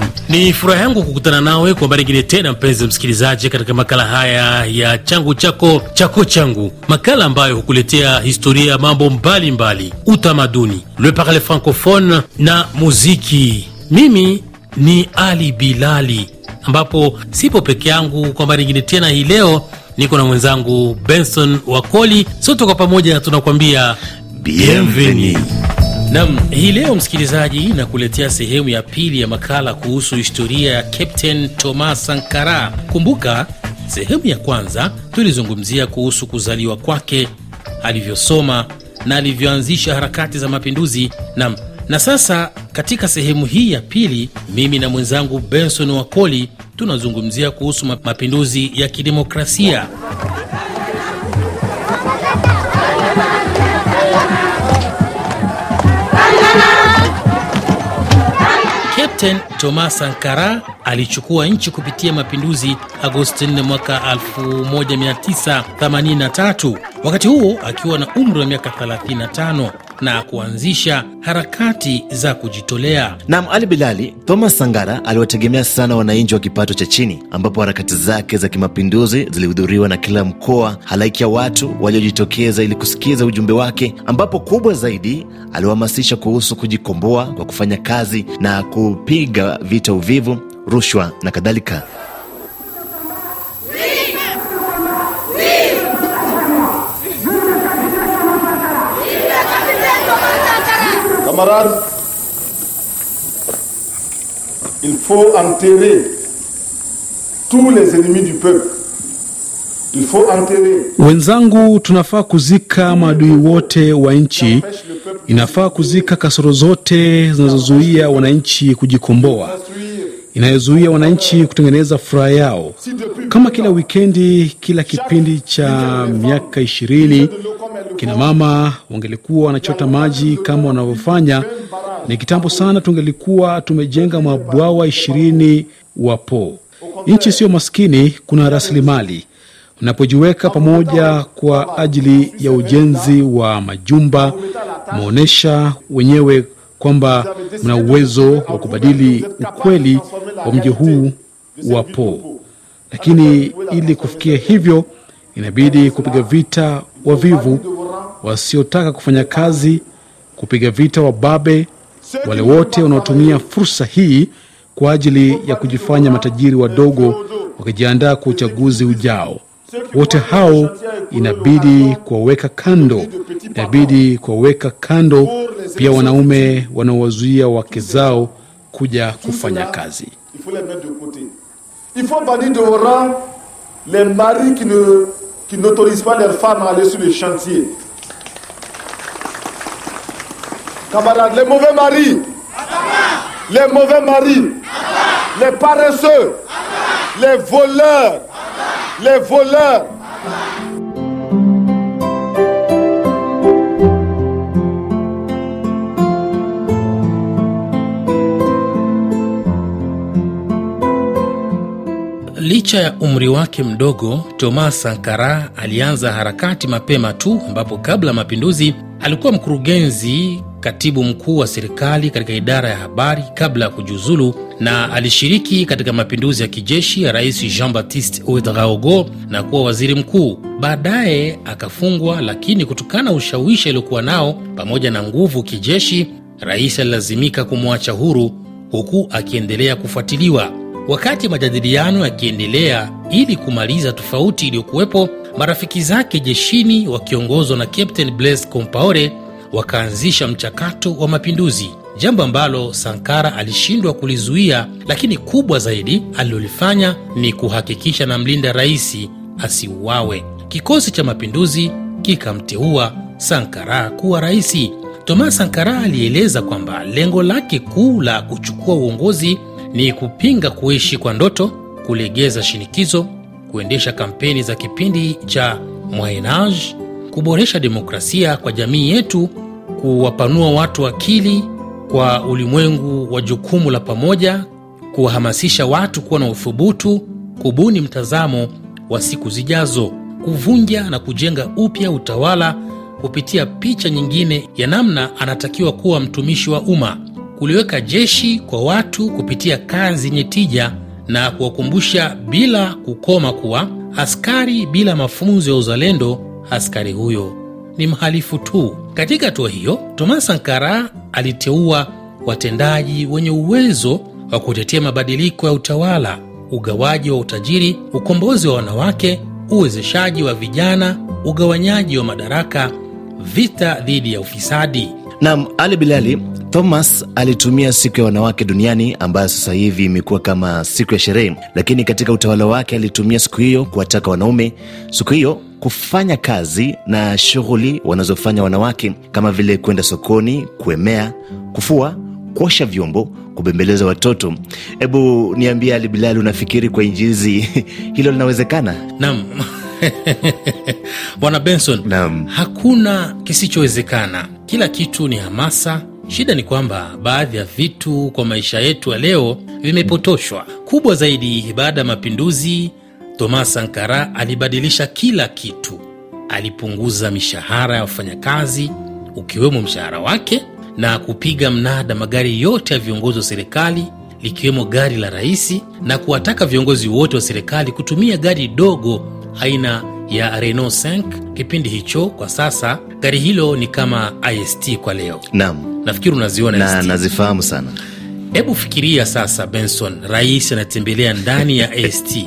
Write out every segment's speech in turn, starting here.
Nam, ni furaha yangu kukutana nawe kwa mara nyingine tena, mpenzi msikilizaji, katika makala haya ya changu chako chako changu, makala ambayo hukuletea historia ya mambo mbalimbali, utamaduni, le parle francophone na muziki. Mimi ni Ali Bilali, ambapo sipo peke yangu kwa mara nyingine tena hii leo, niko na mwenzangu Benson Wakoli. Sote kwa pamoja tunakuambia bienvenue. Nam, hii leo msikilizaji, nakuletea sehemu ya pili ya makala kuhusu historia ya Captain Thomas Sankara. Kumbuka sehemu ya kwanza tulizungumzia kuhusu kuzaliwa kwake, alivyosoma na alivyoanzisha harakati za mapinduzi. Nam, na sasa katika sehemu hii ya pili, mimi na mwenzangu Benson Wakoli tunazungumzia kuhusu mapinduzi ya kidemokrasia Kapten Thomas Sankara alichukua nchi kupitia mapinduzi Agosti 4 mwaka 1983, wakati huo akiwa na umri wa miaka 35 na kuanzisha harakati za kujitolea. nam Ali Bilali, Thomas Sangara aliwategemea sana wananchi wa kipato cha chini, ambapo harakati zake za kimapinduzi zilihudhuriwa na kila mkoa halaiki ya watu waliojitokeza ili kusikiza ujumbe wake, ambapo kubwa zaidi aliwahamasisha kuhusu kujikomboa kwa kufanya kazi na kupiga vita uvivu, rushwa na kadhalika. Camarades, il faut enterrer tous les ennemis du peuple. Wenzangu, tunafaa kuzika maadui wote wa nchi. Inafaa kuzika kasoro zote zinazozuia wananchi kujikomboa, inayozuia wananchi kutengeneza furaha yao. Kama kila wikendi, kila kipindi cha miaka ishirini akina mama wangelikuwa wanachota maji kama wanavyofanya, ni kitambo sana tungelikuwa tumejenga mabwawa ishirini. Wapo nchi sio maskini, kuna rasilimali unapojiweka pamoja kwa ajili ya ujenzi wa majumba, maonyesha wenyewe kwamba mna uwezo wa kubadili ukweli wa mji huu wa Po. Lakini ili kufikia hivyo, inabidi kupiga vita wavivu wasiotaka kufanya kazi, kupiga vita wababe, wale wote wanaotumia fursa hii kwa ajili ya kujifanya matajiri wadogo, wakijiandaa kwa uchaguzi ujao. Wote hao inabidi kuwaweka kando, inabidi kuwaweka kando. Pia wanaume wanaowazuia wake zao kuja kufanya kazi. Camarades, les mauvais maris, les mauvais maris, les paresseux, les voleurs, les voleurs. Licha ya umri wake mdogo, Thomas Sankara alianza harakati mapema tu, ambapo kabla ya mapinduzi alikuwa mkurugenzi katibu mkuu wa serikali katika idara ya habari kabla ya kujiuzulu, na alishiriki katika mapinduzi ya kijeshi ya Rais Jean-Baptiste Ouedraogo na kuwa waziri mkuu. Baadaye akafungwa, lakini kutokana na ushawishi aliokuwa nao pamoja na nguvu kijeshi, rais alilazimika kumwacha huru, huku akiendelea kufuatiliwa. Wakati majadiliano yakiendelea ili kumaliza tofauti iliyokuwepo, marafiki zake jeshini wakiongozwa na Captain Blaise Compaore wakaanzisha mchakato wa mapinduzi, jambo ambalo Sankara alishindwa kulizuia, lakini kubwa zaidi alilolifanya ni kuhakikisha na mlinda rais asiuawe. Kikosi cha mapinduzi kikamteua Sankara kuwa raisi. Thomas Sankara alieleza kwamba lengo lake kuu la kuchukua uongozi ni kupinga kuishi kwa ndoto, kulegeza shinikizo, kuendesha kampeni za kipindi cha moyenage, kuboresha demokrasia kwa jamii yetu kuwapanua watu akili kwa ulimwengu wa jukumu la pamoja, kuwahamasisha watu kuwa na uthubutu, kubuni mtazamo wa siku zijazo, kuvunja na kujenga upya utawala kupitia picha nyingine ya namna anatakiwa kuwa mtumishi wa umma, kuliweka jeshi kwa watu kupitia kazi yenye tija na kuwakumbusha bila kukoma kuwa askari bila mafunzo ya uzalendo, askari huyo ni mhalifu tu. Katika hatua hiyo, Thomas Sankara aliteua watendaji wenye uwezo wa kutetea mabadiliko ya utawala, ugawaji wa utajiri, ukombozi wa wanawake, uwezeshaji wa vijana, ugawanyaji wa madaraka, vita dhidi ya ufisadi. Naam, Ali Bilali, Thomas alitumia siku ya wanawake duniani ambayo sasa hivi imekuwa kama siku ya sherehe, lakini katika utawala wake alitumia siku hiyo kuwataka wanaume siku hiyo kufanya kazi na shughuli wanazofanya wanawake kama vile kwenda sokoni, kuemea, kufua, kuosha vyombo, kubembeleza watoto. Hebu niambie, Ali Bilali, unafikiri kwa injizi hilo linawezekana? Naam. Bwana Benson, naam, hakuna kisichowezekana. Kila kitu ni hamasa. Shida ni kwamba baadhi ya vitu kwa maisha yetu ya leo vimepotoshwa, kubwa zaidi baada ya mapinduzi Thomas Sankara alibadilisha kila kitu. Alipunguza mishahara ya wafanyakazi, ukiwemo mshahara wake, na kupiga mnada magari yote ya viongozi wa serikali likiwemo gari la rais, na kuwataka viongozi wote wa serikali kutumia gari dogo aina ya Renault 5 kipindi hicho. Kwa sasa gari hilo ni kama ist kwa leo. Naam, nafikiri unaziona na, nazifahamu sana. Hebu fikiria sasa, Benson, rais anatembelea ndani ya ist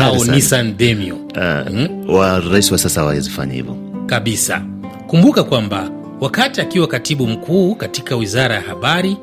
au Nissan Demio uh, mm? wa rais wa sasa hawawezifanya hivyo kabisa. Kumbuka kwamba wakati akiwa katibu mkuu katika wizara ya habari,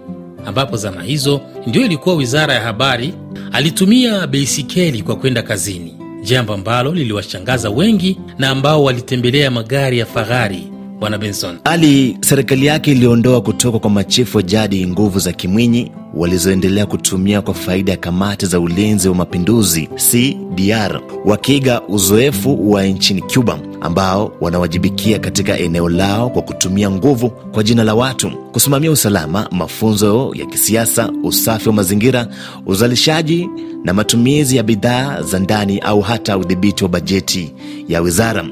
ambapo zama hizo ndio ilikuwa wizara ya habari, alitumia beisikeli kwa kwenda kazini, jambo ambalo liliwashangaza wengi na ambao walitembelea magari ya fahari Bwana Benson. Hali serikali yake iliondoa kutoka kwa machifu wa jadi nguvu za Kimwinyi walizoendelea kutumia kwa faida ya kamati za ulinzi wa mapinduzi CDR, wakiiga uzoefu wa nchini Cuba ambao wanawajibikia katika eneo lao kwa kutumia nguvu kwa jina la watu kusimamia usalama, mafunzo ya kisiasa, usafi wa mazingira, uzalishaji na matumizi ya bidhaa za ndani au hata udhibiti wa bajeti ya wizara.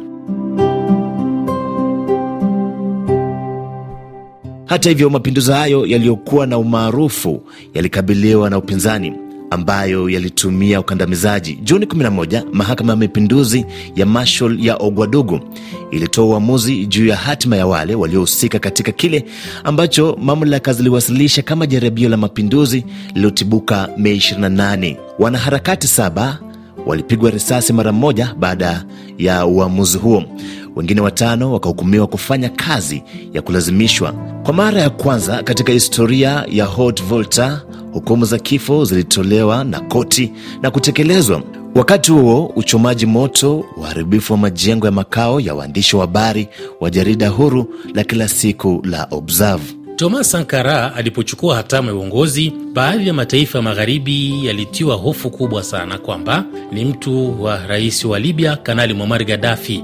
Hata hivyo, mapinduzi hayo yaliyokuwa na umaarufu yalikabiliwa na upinzani ambayo yalitumia ukandamizaji. Juni 11 mahakama ya mapinduzi ya Marshal ya Ogwadugu ilitoa uamuzi juu ya hatima ya wale waliohusika katika kile ambacho mamlaka ziliwasilisha kama jaribio la mapinduzi lililotibuka Mei 28. Wanaharakati saba walipigwa risasi mara moja baada ya uamuzi huo wengine watano wakahukumiwa kufanya kazi ya kulazimishwa. Kwa mara ya kwanza katika historia ya Hot Volta, hukumu za kifo zilitolewa na koti na kutekelezwa. Wakati huo uchomaji moto, uharibifu wa majengo ya makao ya waandishi wa habari wa jarida huru la kila siku la Observe. Thomas Sankara alipochukua hatamu ya uongozi, baadhi ya mataifa ya magharibi yalitiwa hofu kubwa sana kwamba ni mtu wa rais wa Libya Kanali Muamar Gadafi.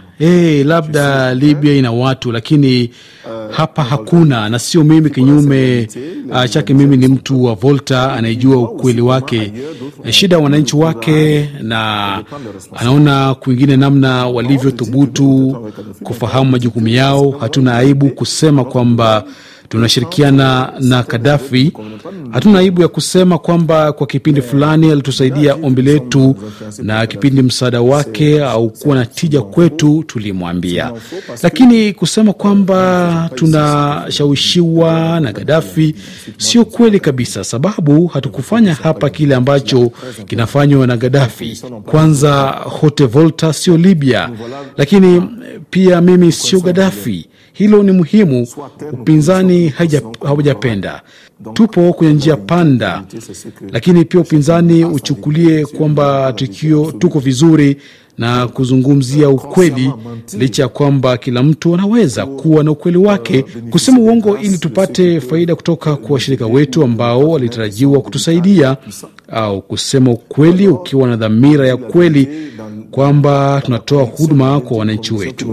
hey, eh, labda eh? Libya ina watu lakini uh, hapa hakuna na sio mimi. Kinyume uh, chake, mimi ni mtu wa Volta anayejua ukweli wake, shida ya wananchi wake, na anaona kwingine namna walivyothubutu kufahamu majukumu yao. Hatuna aibu kusema kwamba tunashirikiana na Kadafi. Hatuna aibu ya kusema kwamba kwa kipindi fulani alitusaidia ombi letu, na kipindi msaada wake au kuwa na tija kwetu tulimwambia, lakini kusema kwamba tunashawishiwa na Gadafi sio kweli kabisa, sababu hatukufanya hapa kile ambacho kinafanywa na Gadafi. Kwanza, Hote Volta sio Libya, lakini pia mimi sio Gadafi. Hilo ni muhimu. Upinzani haujapenda, tupo kwenye njia panda, lakini pia upinzani uchukulie kwamba tukio tuko vizuri na kuzungumzia ukweli, licha ya kwamba kila mtu anaweza kuwa na ukweli wake, kusema uongo ili tupate faida kutoka kwa washirika wetu ambao walitarajiwa kutusaidia, au kusema ukweli ukiwa na dhamira ya kweli kwamba tunatoa huduma kwa wananchi wetu.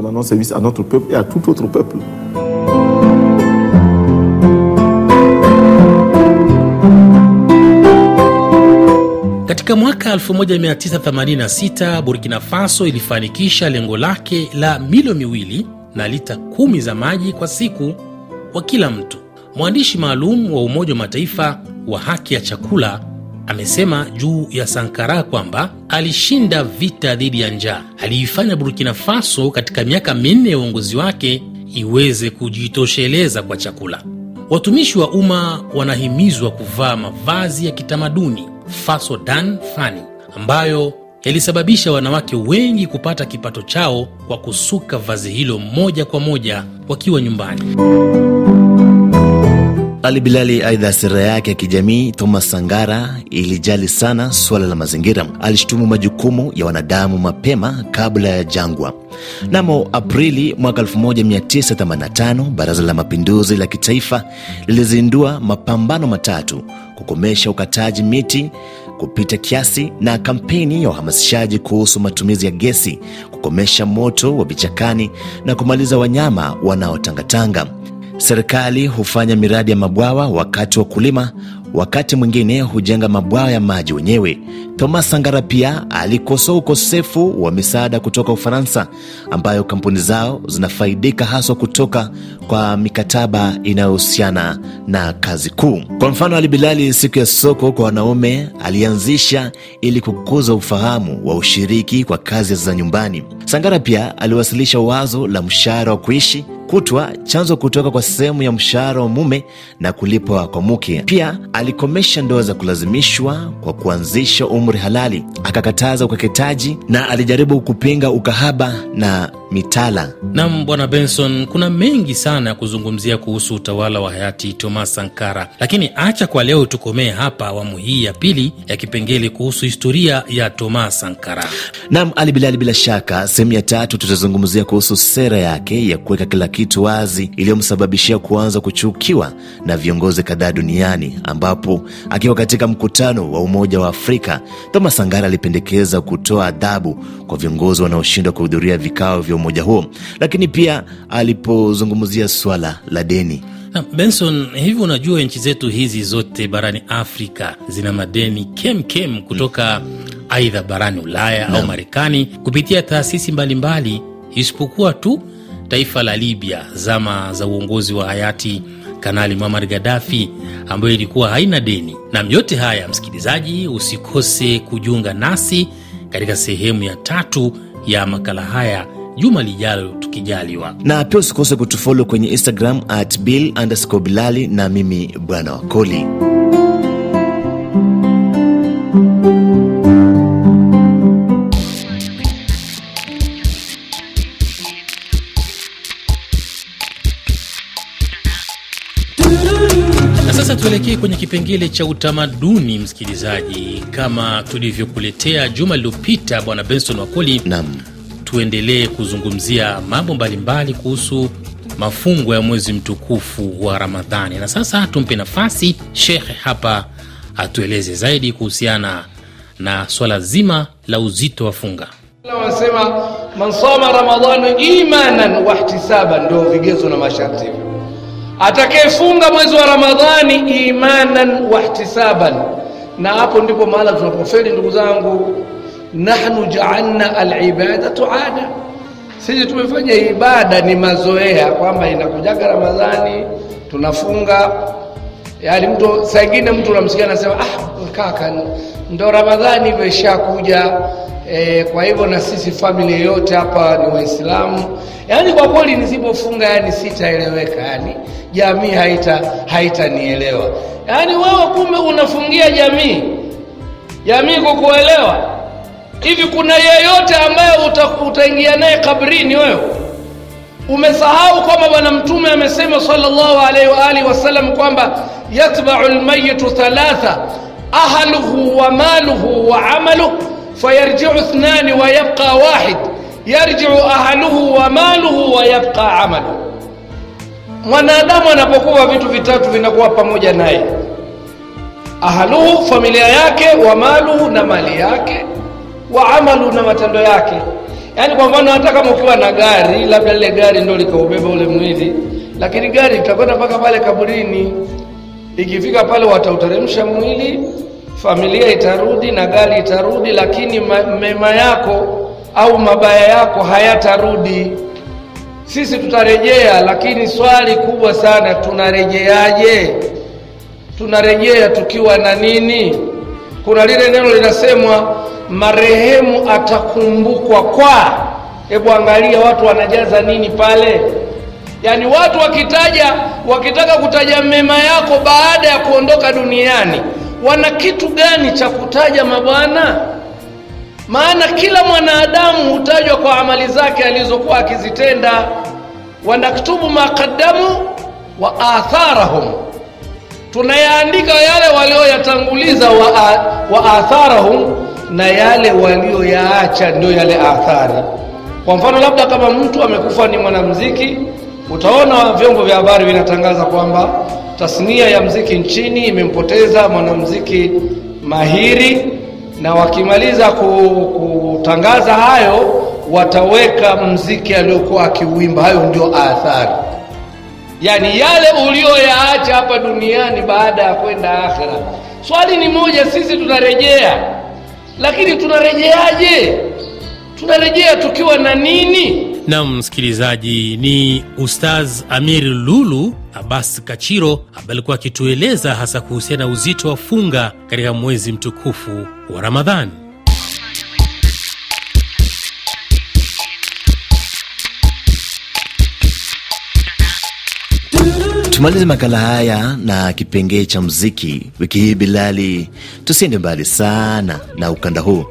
Katika mwaka 1986 Burkina Faso ilifanikisha lengo lake la milo miwili na lita kumi za maji kwa siku kwa kila mtu. Mwandishi maalum wa Umoja wa Mataifa wa haki ya chakula amesema juu ya Sankara kwamba alishinda vita dhidi ya njaa, aliifanya Burkina Faso katika miaka minne ya uongozi wake iweze kujitosheleza kwa chakula. Watumishi wa umma wanahimizwa kuvaa mavazi ya kitamaduni Faso Dan Fani ambayo yalisababisha wanawake wengi kupata kipato chao kwa kusuka vazi hilo moja kwa moja wakiwa nyumbani. Ali Bilali. Aidha, sera yake ya kijamii Thomas Sangara ilijali sana suala la mazingira. Alishutumu majukumu ya wanadamu mapema kabla ya jangwa. Mnamo Aprili mwaka 1985 Baraza la Mapinduzi la Kitaifa lilizindua mapambano matatu: kukomesha ukataji miti kupita kiasi na kampeni ya uhamasishaji kuhusu matumizi ya gesi, kukomesha moto wa vichakani na kumaliza wanyama wanaotangatanga. Serikali hufanya miradi ya mabwawa wakati wa kulima, wakati mwingine hujenga mabwawa ya maji wenyewe. Thomas sangara pia alikosoa ukosefu wa misaada kutoka Ufaransa, ambayo kampuni zao zinafaidika haswa kutoka kwa mikataba inayohusiana na kazi kuu. Kwa mfano, Alibilali siku ya soko kwa wanaume alianzisha ili kukuza ufahamu wa ushiriki kwa kazi za nyumbani. Sangara pia aliwasilisha wazo la mshahara wa kuishi kutwa chanzo kutoka kwa sehemu ya mshahara wa mume na kulipwa kwa mke. Pia alikomesha ndoa za kulazimishwa kwa kuanzisha umri halali, akakataza ukeketaji na alijaribu kupinga ukahaba na mitala. Nam, Bwana Benson, kuna mengi sana ya kuzungumzia kuhusu utawala wa hayati Thomas Sankara, lakini acha kwa leo tukomee hapa awamu hii ya pili ya kipengele kuhusu historia ya Thomas Sankara. Nam Ali Bilali, bila shaka Sehemu ya tatu tutazungumzia kuhusu sera yake ya kuweka kila kitu wazi iliyomsababishia kuanza kuchukiwa na viongozi kadhaa duniani, ambapo akiwa katika mkutano wa Umoja wa Afrika, Thomas Sangara alipendekeza kutoa adhabu kwa viongozi wanaoshindwa kuhudhuria vikao vya umoja huo, lakini pia alipozungumzia swala la deni Benson, hivi unajua nchi zetu hizi zote barani Afrika zina madeni kem kem kutoka aidha barani Ulaya na au Marekani kupitia taasisi mbalimbali, isipokuwa tu taifa la Libya zama za uongozi wa hayati Kanali Muammar Gaddafi ambayo ilikuwa haina deni. Na yote haya, msikilizaji, usikose kujiunga nasi katika sehemu ya tatu ya makala haya juma lijalo tukijaliwa. Na pia usikose kutufolo kwenye Instagram at bill underscore bilali, na mimi bwana Wakoli. Sasa tuelekee kwenye kipengele cha utamaduni, msikilizaji. Kama tulivyokuletea juma lililopita, Bwana Benson Wakoli, naam tuendelee kuzungumzia mambo mbalimbali kuhusu mafungo ya mwezi mtukufu wa Ramadhani. Na sasa tumpe nafasi shekhe hapa atueleze zaidi kuhusiana na swala zima la uzito wa funga. Wanasema man sama ramadhana imanan wahtisaba, ndio vigezo na masharti hivyo. Atakayefunga mwezi wa Ramadhani imanan wahtisaban, na hapo ndipo mahala tunapofeli ndugu zangu nahnu jaalna alibadatu ada, sisi tumefanya ibada ni mazoea, kwamba inakujaga Ramadhani tunafunga. Yani mtu saa ingine mtu unamsikia anasema ah, kaka ndo Ramadhani hivyo E, kwa hivyo na sisi family yote hapa ni Waislamu. Yani kwa kweli nisipofunga, yani sitaeleweka, yani jamii haita haitanielewa. Yani wewe kumbe unafungia jamii, jamii kukuelewa Hivi kuna yeyote ambaye utaingia naye kabrini wewe? Umesahau kwamba Bwana Mtume amesema sallallahu alaihi wa alihi wasallam kwamba yatbau lmayitu thalatha ahluhu wa maluhu wa amaluhu fayarjiu thnani wa yabqa wahid yarjiu ahluhu wa maluhu wa yabqa amaluhu. Mwanadamu anapokuwa vitu vitatu vinakuwa pamoja naye, ahluhu familia yake, wa maluhu na mali yake wa amalu na matendo yake. Yaani kwa mfano, hata kama ukiwa na gari, labda lile gari ndio likaubeba ule mwili, lakini gari itakwenda mpaka pale kaburini. Ikifika pale, watauteremsha mwili, familia itarudi na gari itarudi, lakini mema yako au mabaya yako hayatarudi. Sisi tutarejea, lakini swali kubwa sana, tunarejeaje? Tunarejea tukiwa na nini? kuna lile neno linasemwa marehemu atakumbukwa kwa. Hebu angalia watu wanajaza nini pale. Yaani watu wakitaja, wakitaka kutaja mema yako baada ya kuondoka duniani, wana kitu gani cha kutaja mabwana? Maana kila mwanadamu hutajwa kwa amali zake alizokuwa akizitenda. Wanaktubu maqaddamu wa atharahum tunayaandika yale walioyatanguliza wa, wa atharahum na yale walioyaacha ndio yale athari. Kwa mfano, labda kama mtu amekufa ni mwanamuziki, utaona vyombo vya habari vinatangaza kwamba tasnia ya mziki nchini imempoteza mwanamuziki mahiri, na wakimaliza kutangaza hayo wataweka mziki aliyokuwa akiuimba. Hayo ndio athari yaani yale uliyoyaacha hapa duniani baada ya kwenda akhira. Swali ni moja, sisi tunarejea, lakini tunarejeaje? Tunarejea tukiwa na nini? Nam msikilizaji, ni Ustaz Amir Lulu Abbas Kachiro ambaye alikuwa akitueleza hasa kuhusiana na uzito wa funga katika mwezi mtukufu wa Ramadhani. Tumalize makala haya na kipengee cha muziki wiki hii. Bilali, tusiende mbali sana na ukanda huu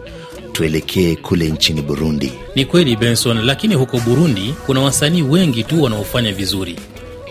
tuelekee kule nchini Burundi. Ni kweli Benson, lakini huko Burundi kuna wasanii wengi tu wanaofanya vizuri,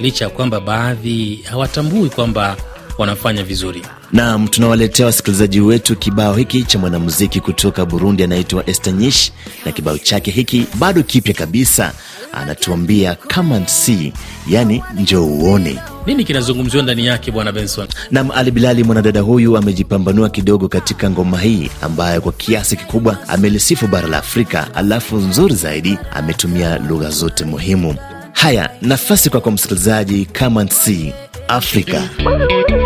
licha ya kwamba baadhi hawatambui kwamba wanafanya vizuri. Naam, tunawaletea wasikilizaji wetu kibao hiki cha mwanamuziki kutoka Burundi anaitwa Estanyish, na kibao chake hiki bado kipya kabisa, anatuambia come and see, yani njoo uone nini kinazungumziwa ndani yake bwana Benson. Nam Ali Bilali, mwanadada huyu amejipambanua kidogo katika ngoma hii ambayo kwa kiasi kikubwa amelisifu bara la Afrika, alafu nzuri zaidi ametumia lugha zote muhimu. Haya, nafasi kwako kwa msikilizaji, come and see Africa.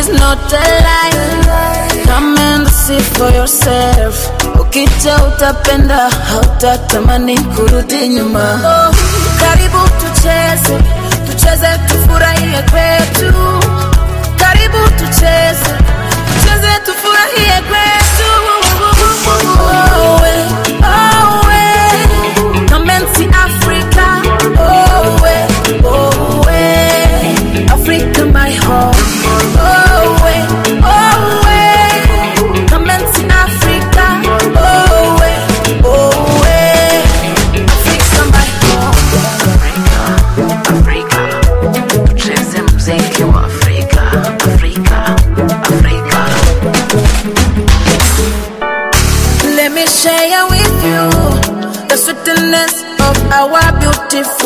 is not a lie. Come and see for yourself. Ukicha utapenda, hautatamani kurudi nyuma. Oh, karibu tucheze, tucheze tufurahie kwetu. Karibu tucheze, tucheze tufurahie kwetu. oh,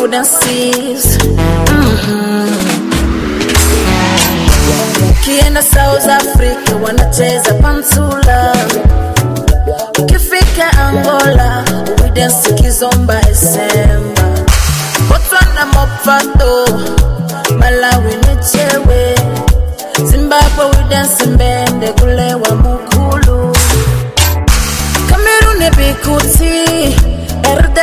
cold and seas Ukienda mm-hmm. mm South Africa wanacheza pantula, ukifika Angola uidensi kizomba esemba, Botswana mopato, Malawi ni chewe, Zimbabwe uidensi mbende kulewa mukulu, Kameruni bikuti Verde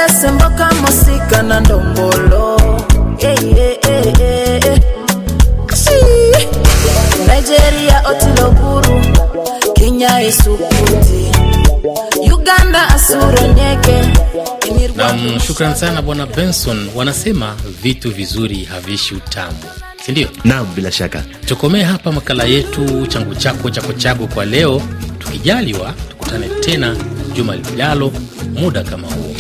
mosika na ndombolo Nigeria shukran sana bwana Benson. Wanasema vitu vizuri havishi utamu, sindio nam bila shaka. Tukomee hapa makala yetu changu chako chako chago kwa leo. Tukijaliwa tukutane tena juma lijalo muda kama huo.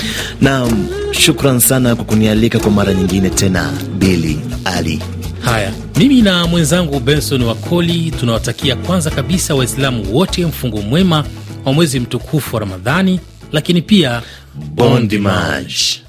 Naam, shukran sana kwa kunialika kwa mara nyingine tena, Bili Ali. Haya, mimi na mwenzangu Benson Wakoli tunawatakia kwanza kabisa Waislamu wote mfungo mwema wa mwezi mtukufu wa Ramadhani, lakini pia bon dimanche.